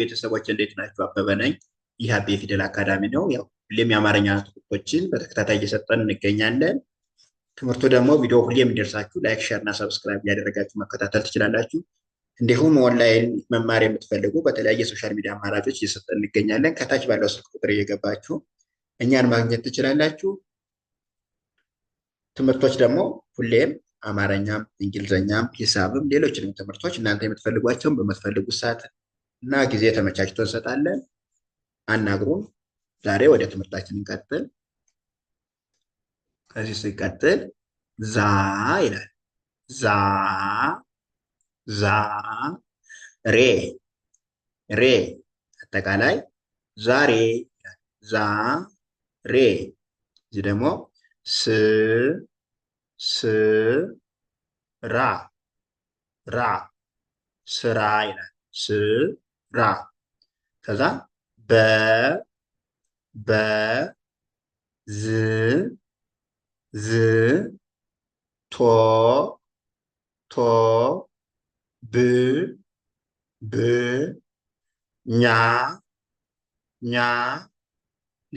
ቤተሰቦች እንዴት ናቸው? አበበ ነኝ። ይህ አቤ ፊደል አካዳሚ ነው። ያው ሁሌም የአማርኛ ትምህርቶችን በተከታታይ እየሰጠን እንገኛለን። ትምህርቱ ደግሞ ቪዲዮ ሁሌም እንዲደርሳችሁ ላይክ፣ ሸር እና ሰብስክራይብ እያደረጋችሁ መከታተል ትችላላችሁ። እንዲሁም ኦንላይን መማር የምትፈልጉ በተለያየ ሶሻል ሚዲያ አማራጮች እየሰጠን እንገኛለን። ከታች ባለው ስልክ ቁጥር እየገባችሁ እኛን ማግኘት ትችላላችሁ። ትምህርቶች ደግሞ ሁሌም አማርኛም፣ እንግሊዝኛም፣ ሂሳብም ሌሎችንም ትምህርቶች እናንተ የምትፈልጓቸውን በምትፈልጉት ሰዓት እና ጊዜ ተመቻችቶ እንሰጣለን። አናግሩን ዛሬ ወደ ትምህርታችን እንቀጥል። ከዚህ ሲቀጥል ዛ ይላል። ዛ ዛ ሬ ሬ አጠቃላይ ዛሬ ዛ ሬ እዚህ ደግሞ ስ ስ ራ ራ ስራ ይላል ስ ራ ከዛ በ በ ዝ ዝ ቶ ቶ ብ ብ ኛ ኛ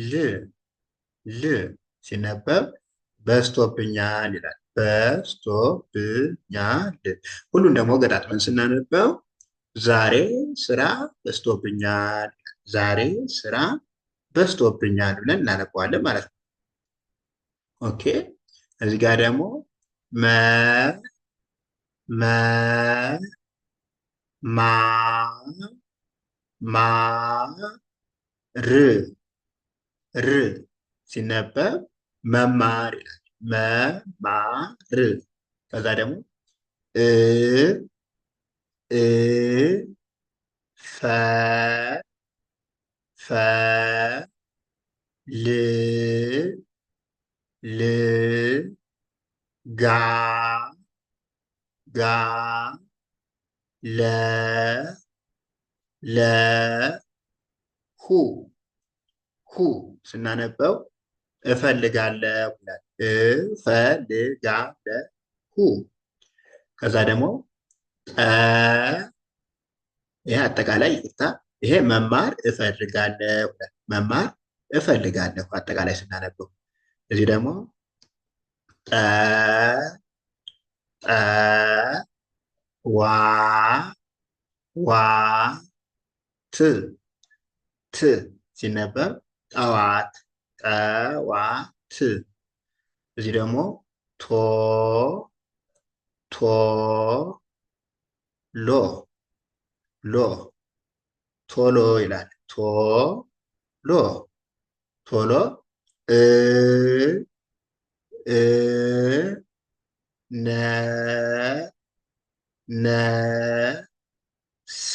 ል ል ሲነበብ በስቶብኛል ይላል። በስቶብኛል ሁሉን ደግሞ ገጣጥመን ስናነበው ዛሬ ስራ በዝቶብኛል ዛሬ ስራ በዝቶብኛል ብለን እናነባዋለን ማለት ነው። ኦኬ እዚህ ጋር ደግሞ መ መ ማ ማ ር ር ሲነበብ መማር ይላል። መማር ከዛ ደግሞ እ እ ፈ ፈ ል ል ጋ ጋ ለ ለ ሁ ሁ ስናነበው እፈልጋለሁ እፈልጋለሁ ሁ ከዛ ደግሞ ጠ ይሄ አጠቃላይ ይቅርታ፣ ይሄ መማር እፈልጋለሁ መማር እፈልጋለሁ አጠቃላይ ስናነበው። እዚህ ደግሞ ጠ ጠ ዋ ዋ ት ት ሲነበብ ጠዋት ጠዋት። እዚህ ደግሞ ቶ ቶ ሎ ሎ ቶሎ ይላል። ቶ ሎ ቶሎ እ እ ነ ነ ሳ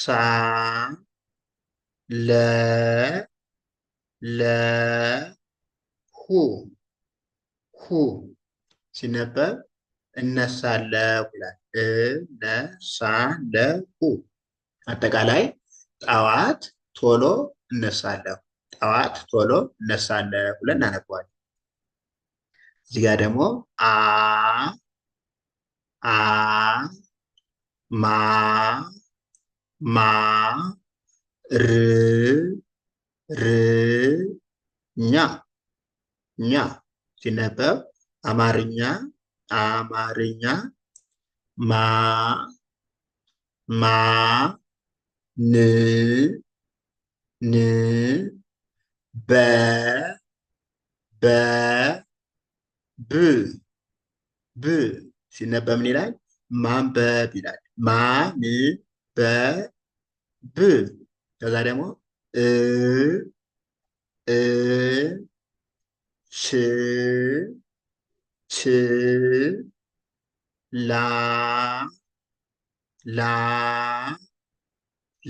ሳ ለ ለ ሁ ሁ ሲነበብ እነሳለሁ ይላል። እነሳለሁ አጠቃላይ ጠዋት ቶሎ እነሳለሁ፣ ጠዋት ቶሎ እነሳለሁ ብለን እናነበዋለን። እዚህ ጋር ደግሞ አ አ ማ ማ ር ር ኛ ኛ ሲነበብ አማርኛ አማርኛ ማ ማ ን ን በ በ ብ ብ ሲነበብ ምን ይላል? ማንበብ ይላል። ማ ን በ ብ ከዛ ደግሞ እ እ ሽ ላ ላ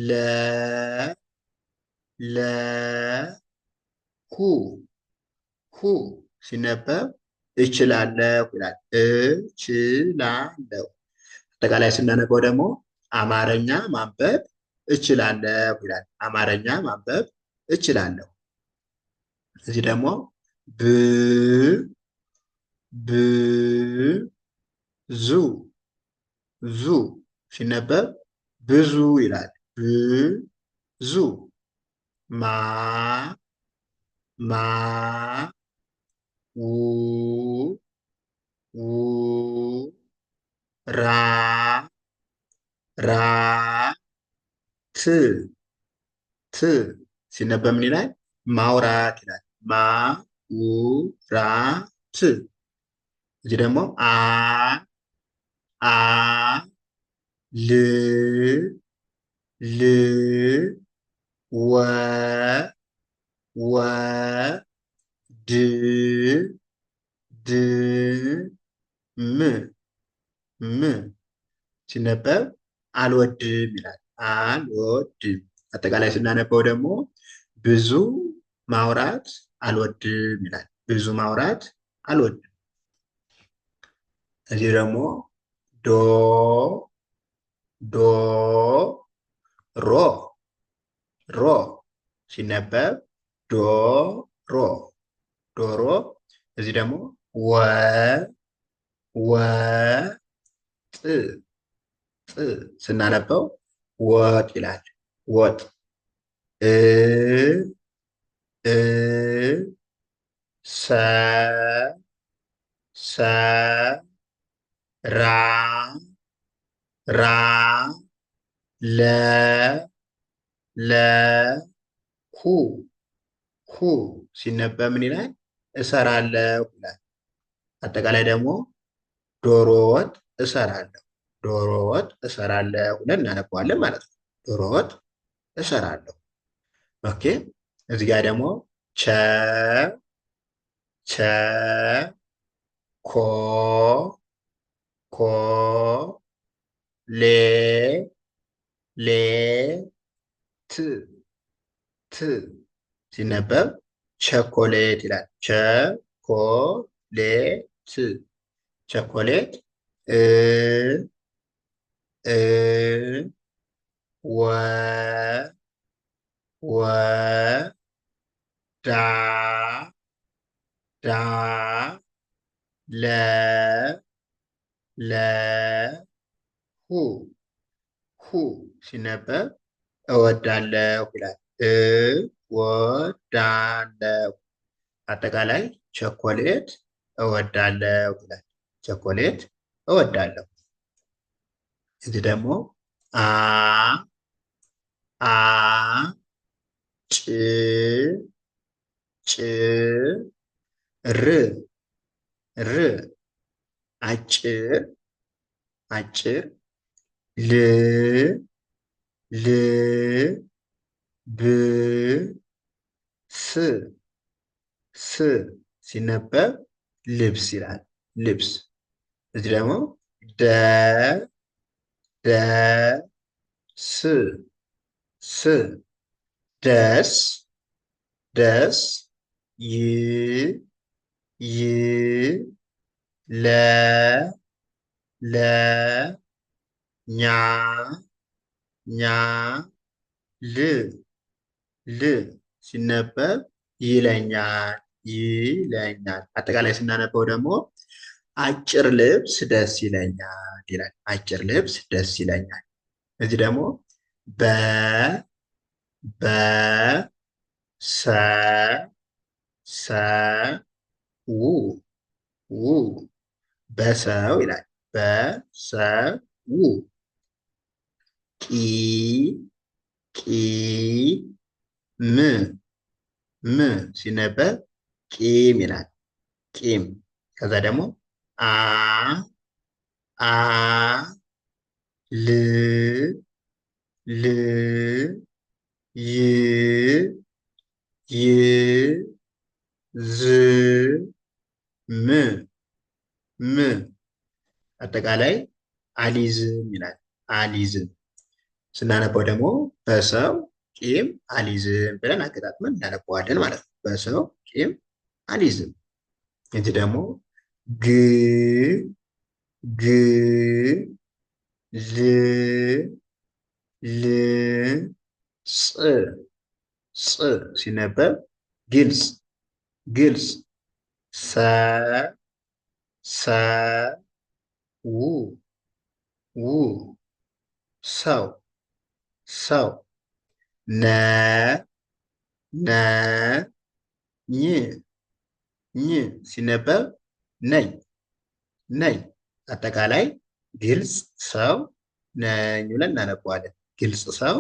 ለ ለ ሁ ሁ ሲነበብ እችላለሁ ይላል። እችላለሁ አጠቃላይ ስናነበው ደግሞ አማርኛ ማንበብ እችላለሁ ይላል። አማርኛ ማንበብ እችላለሁ። እዚህ ደግሞ ብ ብዙ ዙ ሲነበብ ብዙ ይላል። ብዙ ማ ማ ው ው ራ ራ ት ት ሲነበብ ምን ይላል? ማውራት ይላል። ማውራት እዚህ ደግሞ አ አ ል ል ወ ወ ድ ድ ም ም ሲነበብ አልወድም ይላል። አልወድም አጠቃላይ ስናነበው ደግሞ ብዙ ማውራት አልወድም ይላል። ብዙ ማውራት አልወድም እዚህ ደግሞ ዶ ዶ ሮ ሮ ሲነበብ ዶሮ ዶሮ። እዚህ ደግሞ ወ ወ ጥ ጥ ስናነበው ወጥ ይላል። ወጥ እ እ ሰ ሰ ራ ራ ለ ለ ሁ ሁ ሲነበብ ምን ይላል? እሰራለሁ ይላል። አጠቃላይ ደግሞ ዶሮ ወጥ እሰራለሁ፣ ዶሮ ወጥ እሰራለሁ ብለን እናነባዋለን ማለት ነው። ዶሮ ወጥ እሰራለሁ። ኦኬ። እዚህ ጋር ደግሞ ቸ ቸ ኮ ኮ ሌ ሌ ት ት ሲነበብ ቸኮሌት ይላል። ቸኮሌት ቸኮሌት እ እ ወ ወ ዳ ዳ ለ ሁ ሁ ሲነበብ እወዳለሁ ይላል። እወዳለሁ አጠቃላይ ቸኮሌት እወዳለሁ ይላል። ቸኮሌት እወዳለሁ። እዚህ ደግሞ አ አ ጭ ጭ ር ር አጭር አጭር ል ል ብ ስ ስ ሲነበብ ልብስ ይላል። ልብስ እዚህ ደግሞ ደ ደ ስ ስ ደስ ደስ ይ ይ ለ ለ ኛ ኛ ል ል ሲነበብ ይለኛል ይለኛል። አጠቃላይ ስናነበው ደግሞ አጭር ልብስ ደስ ይለኛል ይላል። አጭር ልብስ ደስ ይለኛል። እዚህ ደግሞ በ በ ሰ ሰ ው ው በሰው ይላል። በሰው ቂ ቂ ም ም ሲነበብ ቂም ይላል። ቂም ከዛ ደግሞ አ አ ል ል ይ ይ ዝ ም ም አጠቃላይ አሊዝም ይላል። አሊዝም ስናነበው ደግሞ በሰው ቂም አሊዝም ብለን አገጣጥመን እናነበዋለን ማለት ነው። በሰው ቂም አሊዝም። እዚህ ደግሞ ግ ግ ል ል ጽ ጽ ሲነበብ ግልጽ ግልጽ ሰ ሰው ው ሰው ሰው ነ ነ ኝ ኝ ሲነበብ ነኝ ነኝ። አጠቃላይ ግልጽ ሰው ነኝ ብለን እናነበዋለን። ግልጽ ሰው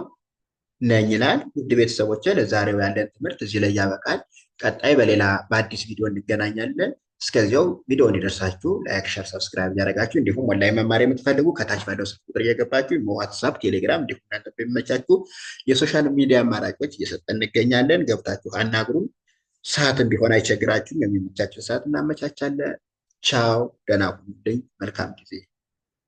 ነኝ ይላል። ውድ ቤተሰቦች ለዛሬው ያለን ትምህርት እዚህ ላይ ያበቃል። ቀጣይ በሌላ በአዲስ ቪዲዮ እንገናኛለን። እስከዚያው ቪዲዮ እንዲደርሳችሁ ላይክ፣ ሸር፣ ሰብስክራይብ እያደረጋችሁ እንዲሁም ኦንላይን መማር የምትፈልጉ ከታች ባለው ስልክ ቁጥር እየገባችሁ ዋትሳፕ፣ ቴሌግራም እንዲሁም እናንተ የሚመቻችሁ የሶሻል ሚዲያ አማራጮች እየሰጠን እንገኛለን። ገብታችሁ አናግሩን። ሰዓትም ቢሆን አይቸግራችሁም። የሚመቻችሁ ሰዓት እናመቻቻለን። ቻው፣ ደህና ሁኑልኝ። መልካም ጊዜ